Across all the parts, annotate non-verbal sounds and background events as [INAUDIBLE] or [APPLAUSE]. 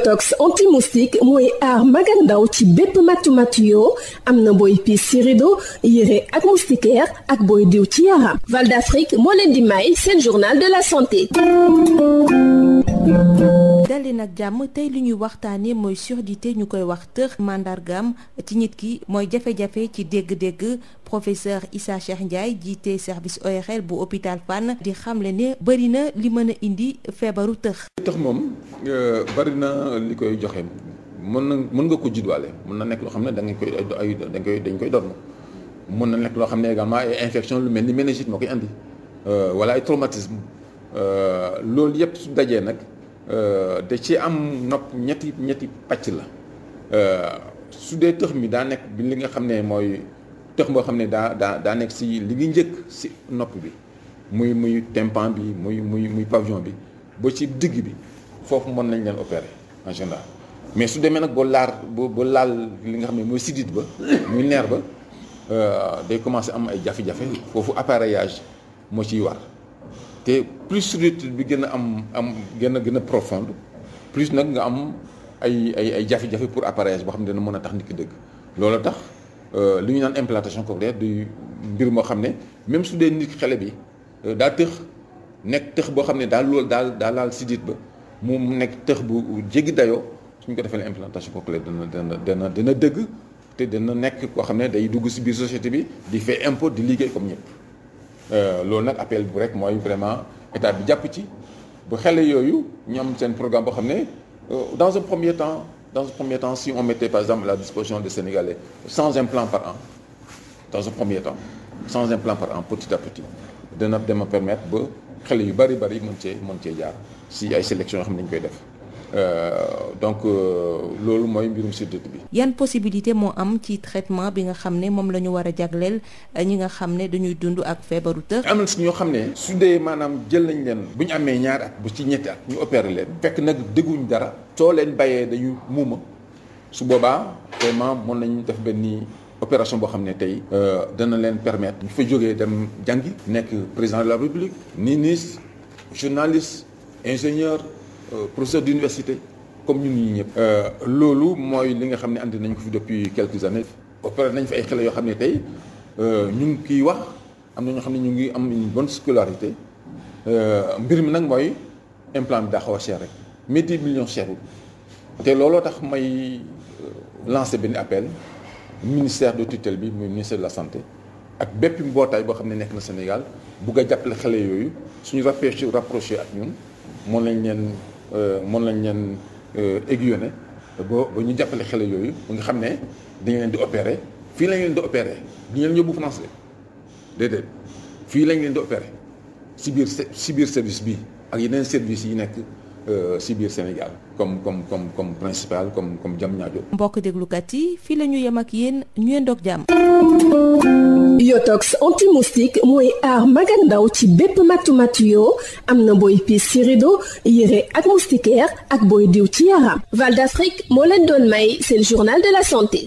Ecotox anti mooy aar mag ak ndaw ci bépp matu matu am na booy piis ci rido yére ak moustiquaire ak booy diw ci yaram Val d'Afrique moo leen di may seen journal de la santé dali nag jàmm tey li ñuy waxtaanee mooy surdité ñu koy wax tëx màndargam ci nit ki mooy jafe-jafe ci dégg-dégg professeur Issa Cheikh Ndiaye jiite service ORL bu hôpital Fann di xamle ni bëri na li mën a indi feebaru tëx. tëx moom euh, bëri na li koy joxe mën na mën nga ko judwaale mun na nekk loo xam ne da nga koy dañ koy dañ koy doon mën na nekk loo xam ne également ay infection lu mel ni méningite moo koy andi euh, wala ay traumatisme Euh, loolu yëpp su dajee nag euh, da ci am nopp ñetti ñetti pàcc la euh, su dee tëx mi daa nekk bi li nga xam ne mooy tëx boo xam ne daa daa daa nekk si li ngi njëkk si nopp bi muy muy tympan bi muy muy muy pavillon bi ba ci digg bi foofu mën nañ leen opérer en mais su demee nag boo laar boo boo laal li nga xam ne mooy sidit ba [COUGHS] muy nerf ba day commencer am ay jafe-jafe foofu appareillage moo ciy war te plus solitude bi gën a am am gën a gën a profonde plus nag nga am ay ay ay jafe-jafe pour appareillage boo xam ne dana mën a tax nit ki dëgg loolu a tax euh, lu ñu naan implantation cochléaire di mbir moo xam ne même su dee nit ki xale bi euh, daa tëx nekk tëx boo xam ne daal lool daal daal si sidit ba mu nekk tëx bu jéggi dayoo suñ ko defee la implantation cochléaire dana dana dana dana dëgg te dana nekk koo xam ne day dugg si biir société bi di fee impôt di liggéey comme Euh, loolu nag appel bu rek mooy vraiment état bi jàpp ci bu xele yooyu ñu seen programme boo xam ne euh, dans un premier temps dans un premier temps si on mettait par exemple à la disposition des Sénégalais sans un plan par an dans un premier temps sans un plan par an petit à petit dana dama permettre ba xele yu bari bari mën cee mën cee jaar si ay sélection yoo xam ne dañ koy def Euh, donc euh, loolu mooy mbirum sidit bi. yan possibilité moo am ci traitement bi nga xam ne moom la ñu war a jagleel euh, ñi nga xam ne dañuy dund ak feebaru tër. am na si ñoo xam ne su dee maanaam jël nañ leen bu ñu amee ñaar at bu ci ñetti ak ñu opéré leen. fekk nag dégguñ dara soo leen bàyyee dañu muuma su boobaa vraiment mën nañ def benn opération boo xam ne tey dana leen permettre. ñu fa jógee dem jàngi. nekk président de la république ministre journaliste ingénieur. Euh, professeur d'université comme ñun ñii ñëpp. Euh, loolu mooy li nga xam ne andi nañ ko fi depuis quelques années. ba pare nañ fi ay xale yoo xam ne tey euh, ñu ngi kiy wax am na ñoo xam ne ñu ngi am une bonne scolarité mbir mi nag mooy implant bi daa xaw a cher rek mais 10 millions cherul te looloo tax may lancé benn appel ministère de tutelle bi muy ministère de la santé ak bépp mbootaay boo xam ne nekk na Sénégal bugg a jàppale xale yooyu suñu rapproché rapproché ak ñun moo lañ leen. Euh, moom lañ leen euh, aiguillonné ba ba ñu jàppale xele yooyu ba nga xam ne dañ leen di opéré fii lañ leen di opéré du ñu leen yóbbu France déedéet fii lañ leen di opéré si biir si biir service bi ak yeneen service yi nekk. Euh, si biir Sénégal comme comme comme comme principal comme comme Diamniadio. mbokk déglukat yi fii la ñu yem ak yéen ñu yendoog jàmm. yotox anti-moustique mooy aar mag ak ndaw ci bépp matu matu yoo am na booy piis ci rido yére ak moustiquaire ak booy diw ci yaram Val d'Afrique moo leen doon may seen journal de la santé.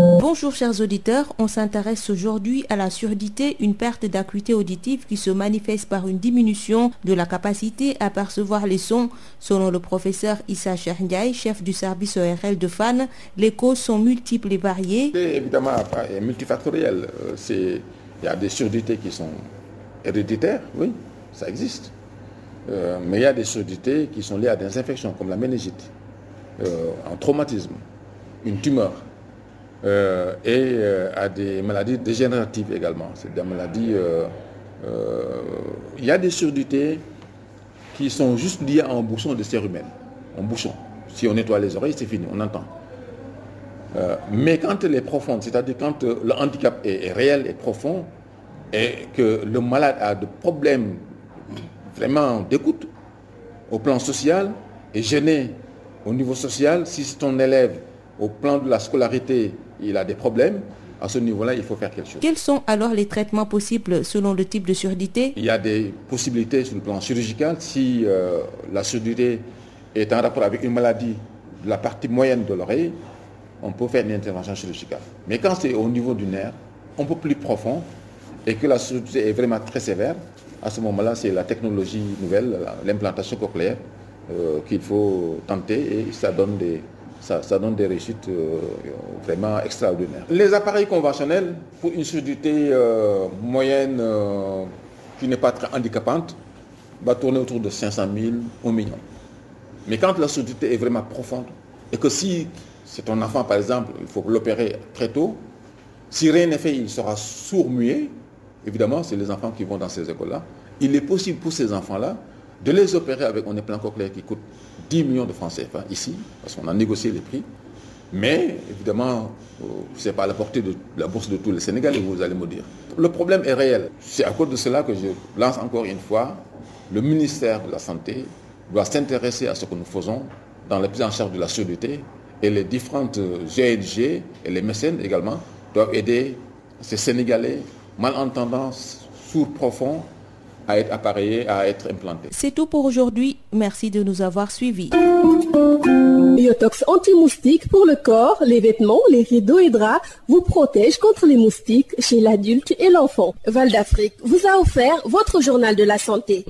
Bonjour chers auditeurs, on s'intéresse aujourd'hui à la surdité, une perte d'acuité auditive qui se manifeste par une diminution de la capacité à percevoir les sons. Selon le professeur Issa Cherniaï, chef du service ORL de FAN, les causes sont multiples et variées. multifactoriel. Euh, il y a des surdités qui sont héréditaires, oui, ça existe. Euh, mais il y a des surdités qui sont liées à des infections comme la méningite, euh, traumatisme, une tumeur euh, et euh, à des maladies dégénératives également. C'est des maladies... Euh, euh, il y a des surdités qui sont juste liées à un bouchon de serre humaine. Un bouchon. Si on nettoie les oreilles, c'est fini, on entend. mais quand elle est profonde, c'est-à-dire quand le handicap est, est réel et profond, et que le malade a des problèmes vraiment d'écoute au plan social et gêné au niveau social, si c'est ton élève au plan de la scolarité il a des problèmes, à ce niveau-là, il faut faire quelque chose. Quels sont alors les traitements possibles selon le type de surdité Il y a des possibilités sur le plan chirurgical. Si euh, la surdité est en rapport avec une maladie de la partie moyenne de l'oreille, on peut faire une intervention chirurgicale. Mais quand c'est au niveau du nerf, un peu plus profond, et que la surdité est vraiment très sévère, à ce moment-là, c'est la technologie nouvelle, l'implantation cochléaire, euh, qu'il faut tenter et ça des, ça, ça donne des réussites euh, vraiment extraordinaires. Les appareils conventionnels, pour une surdité euh, moyenne euh, qui n'est pas très handicapante, va tourner autour de 500 000, 1 million. Mais quand la surdité est vraiment profonde, et que si c'est ton enfant par exemple, il faut l'opérer très tôt, si rien n'est fait, il sera sourd-muet, évidemment, c'est les enfants qui vont dans ces écoles-là. Il est possible pour ces enfants-là de les opérer avec un implant cochléaire qui coûte 10 millions de francs CFA ici, parce qu'on a négocié les prix. Mais évidemment, euh, ce n'est pas à la portée de la bourse de tous les Sénégalais, vous allez me dire. Le problème est réel. C'est à cause de cela que je lance encore une fois, le ministère de la Santé doit s'intéresser à ce que nous faisons dans la prise en charge de la sécurité et les différentes GNG euh, et les mécènes également doivent aider ces Sénégalais malentendants, sourds profonds, à à être implantés. C'est tout pour aujourd'hui. Merci de nous avoir suivis. Biotox anti pour le corps, les vêtements, les rideaux et draps vous protège contre les moustiques chez l'adulte et l'enfant. Val d'Afrique vous a offert votre journal de la santé.